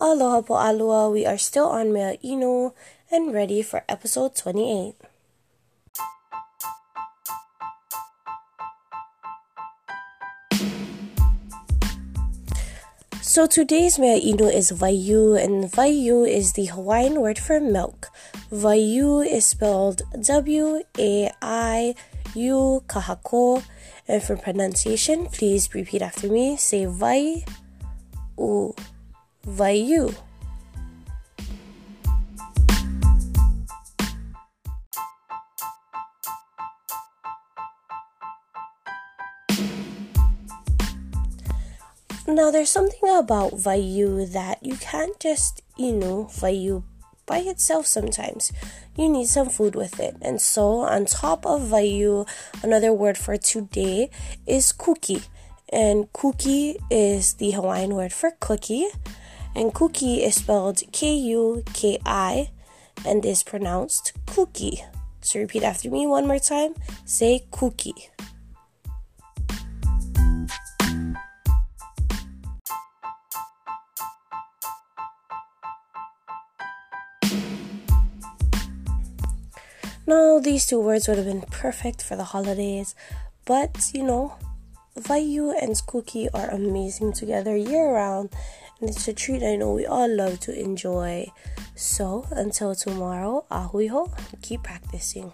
Aloha po aloha, we are still on Mea Inu and ready for episode 28. So today's mea inu is vayu, and vayu is the Hawaiian word for milk. Vayu is spelled W A I U kahako, and for pronunciation, please repeat after me. Say vai Vayu. Now, there's something about Vayu that you can't just, you know, Vayu by itself sometimes. You need some food with it. And so, on top of Vayu, another word for today is cookie. And cookie is the Hawaiian word for cookie. And cookie is spelled K U K I and is pronounced cookie. So repeat after me one more time. Say cookie. No, these two words would have been perfect for the holidays, but you know, Vayu and Skookie are amazing together year round, and it's a treat I know we all love to enjoy. So until tomorrow, ahuiho, keep practicing.